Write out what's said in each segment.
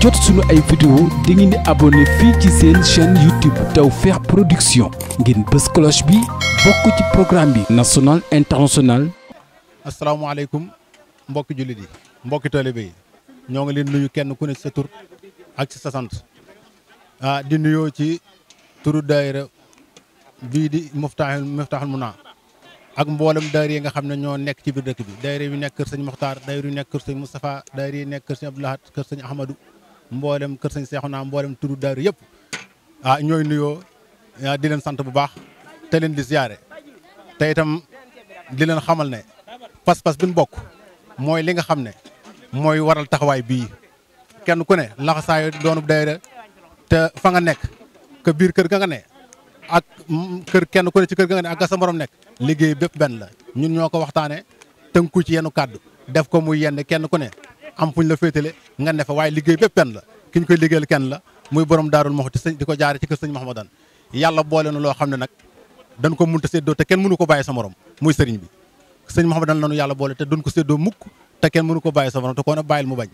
jot suñu ay vidéo da ngeen di abonné fii ci seen chaîne YouTube Tawfekh Production ngeen bës cloche bi bokk ci programme bi national international asalaamaaleykum mbokki jullit yi mbokki taalibe yi ñoo ngi leen nuyu kenn ku ne sa tur ak ci sa sant ah di nuyoo ci turu daayira bii di Miftaahul Miftaahul Muna ak mboolem daayira yi nga xam ne ñoo nekk ci biir dëkk bi daayira yu nekk kër sëñ Moxtaar daayira yu nekk kër sëñ Moustapha daayira yi nekk kër sëñ Abdoulahat kër sëñ Ahmadou mboolem kër sañ sëñ naa mboolem turu daaru yëpp ah ñooy nuyoo ah, di leen sant bu baax te leen di te itam di leen xamal ne pas-pas bi ñu bokk mooy li nga xam ne mooy waral taxawaay bii kenn ku ne laxasaayu doonub daayira te fa nga nekk que biir kër ga nga ne ak kër kenn ku ne ci kër ga nga ne ak sa morom nekk liggéey bépp benn la ñun ñoo ko waxtaane tënku ci yenn kàddu def ko muy yenn kenn ku ne am fuñ la féetale nga ne fa waaye liggéey bépp kenn la ki ñu koy liggéeyal kenn la muy borom daarul moxti sëñ di ko jaare ci kër sëñ Mahamadan yàlla boole na loo xam ne nag dan ko mun séddoo te kenn mënu ko bàyyi sa muy sëriñ bi sëñ Mahamadan lanu yàlla boole te duñ ko séddoo te kenn mënu ko bàyyi sa morom te koo ne bàyyil mu bañ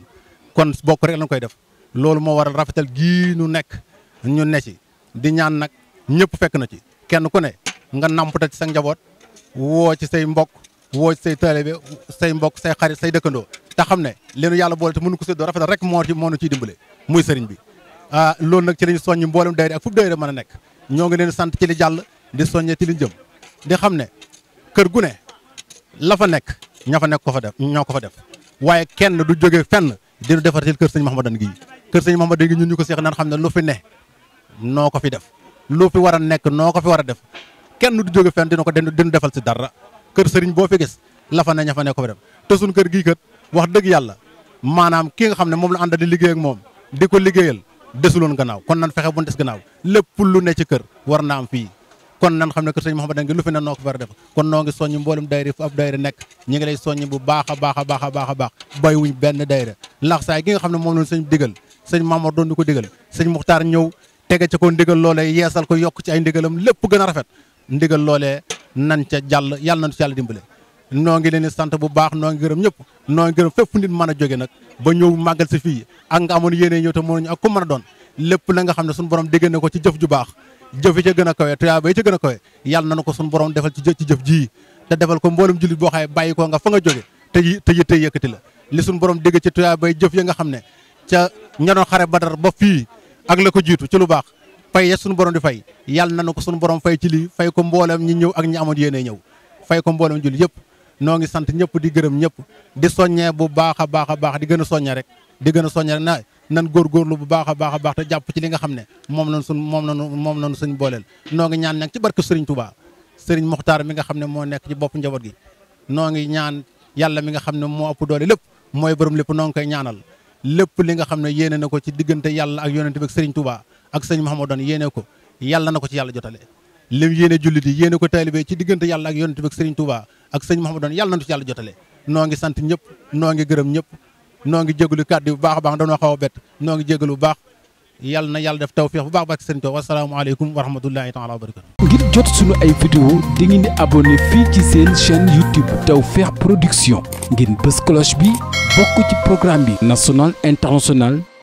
kon bokk rek lañ koy def loolu moo waral rafetal gii nu nekk ñu ne ci di ñaan nag ñëpp fekk na ci kenn ku ne nga namputa ci sa njaboot woo ci say mbokk woo ci say taalibe say mbokk say xarit say dëkkandoo te xam ne leenu yàlla boole te mënu ko séddoo rafetal rek moo ci moo nu ciy dimbale muy sëriñ bi ah loolu nag ci lañu soññ mboolem dayre ak fu dayre mën a nekk ñoo ngi leen sant ci li jàll di soññee ci li jëm di xam ne kër gu ne la fa nekk ña fa nekk ko fa def ñoo ko fa def waaye kenn du jógee fenn dinu defaratil kër sëñ Mahamadan gi kër sëñ Mahamadan gi ñun ñu ko seex naan xam ne lu fi ne noo ko fi def lu war a nekk noo ko fi war a def kenn du jóge fenn dina ko dinu defal si dara kër sëriñ boo fi gis la fa ne ña fa nekk ko fa def te kër gii kat wax dëgg yàlla maanaam ki nga xam ne moom la ànda di liggéey ak moom di ko liggéeyal desuloon gannaaw kon nan fexe bu des gannaaw lépp lu ne ci kër war na am fii kon nan xam ne kër sëñ Mouhamadou ngi lu fi ne noo ko far def kon noo ngi soññ mboolem dayre fu ab dayre nekk ñi ngi lay bu baax a baax a baax a baax a baax benn dayre ndax saay gi nga xam ne moom la sëñ digal sëñ Mamour doon di ko digal sëñ Muxtaar ñëw tege ca ko ndigal loolee yeesal ko yokk ci ay ndigalam lépp gën a rafet ndigal loolee nan ca jàll yàlla nañ ci yàlla dimbale noo ngi leen di sant bu baax noo ngi gërëm ñëpp noo ngi gërëm fépp fu nit mën a jóge nag ba ñëw màggal si fii ak nga amoon yéene ñëw te mënuñu ak ku a doon lépp la nga xam ne suñu borom dégg na ko ci jëf ju baax jëf yi ca gën a kawe tuyaaba yi ca gën a ko suñu borom defal ci ci jëf ji te defal ko mboolem jullit boo xaye bàyyi ko nga fa nga jóge te te yitte yëkkati la li suñu borom dégg ci tuyaaba jëf nga xam ne ca ña doon xare badar ba fii ak la ko jiitu ci lu baax fay suñu borom di fay yàlla nañu ko suñu borom fay ci lii fay ko mboolem ñi ñëw ak ñi amoon yéene ñëw fay ko mboolem jullit yëpp noo ngi sant ñëpp di gërëm ñëpp di soññee bu baax a baax a baax di gën a soññee rek di gën a soññee rek na nan góorgóorlu bu baax a baax a baax te jàpp ci li nga xam ne moom lañ suñ moom lañ moom lañ suñ booleel noo ngi ñaan nag ci barke Serigne Touba sëriñ Mokhtar mi nga xam ne moo nekk ci bopp njaboot gi noo ngi ñaan yàlla mi nga xam ne moo ëpp doole lépp mooy borom lépp noo ngi koy ñaanal lépp li nga xam ne yéene na ko ci diggante yàlla ak yonente bi ak Serigne Touba ak sëñ Mouhamadou yéene ko yàlla na ko ci yàlla jotale lim yéene jullit yi yéene ko taalibe ci diggante yàlla ak yonent bi ak sëriñ Touba ak sëñ Mouhamadou yàlla nañu ci yàlla jotale noo ngi sant ñëpp noo ngi gërëm ñëpp noo ngi jégalu kàddu bu baax a baax dañoo xaw a bett noo ngi jégalu bu baax yàlla na yàlla def tawféex bu baax baax sëriñ Touba wasalaamaaleykum wa rahmatullahi taala wa barakatu ngir jot suñu ay vidéo di ngeen di abonné fii ci seen chaîne YouTube Tawfekh Production ngir bës bi bokk ci programme bi national international